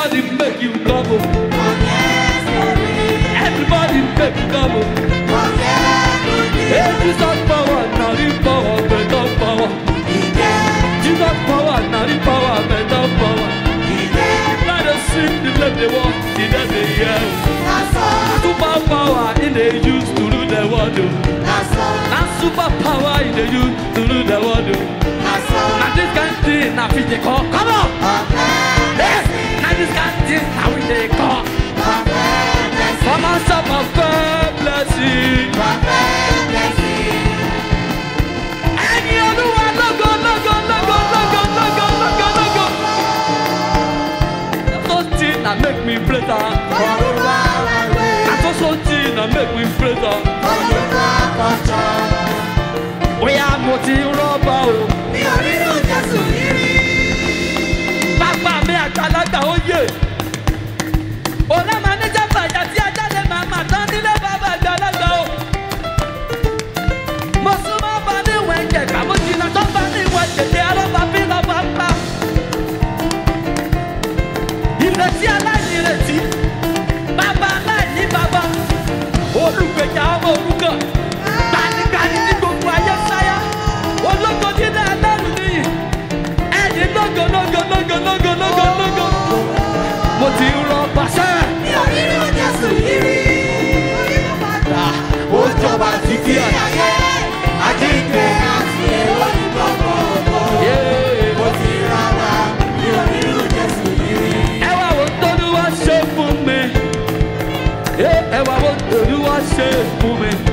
Everybody make you gobble. Everybody make you gobble. Every star power, now the power, better power. Jesus power, now the power, better power. Let us sing the let the world, the let the year. Super power in the youth to do the world. Now super power in the youth to do the world. Now this kind of thing, now fit the call. Come on des camps. Maman, ça m'a fait plaisir. Make me play down. I just want you to make me play down. ìrètí aláìní ìrètí bàbá aláìní bàbá olùgbèjà ọmọ se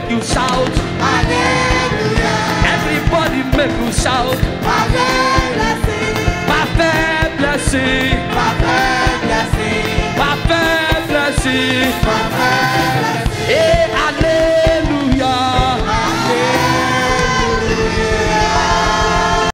make you shout. Hallelujah. Everybody make you shout. Parfait blessing. Parfait blessing. Parfait blessing.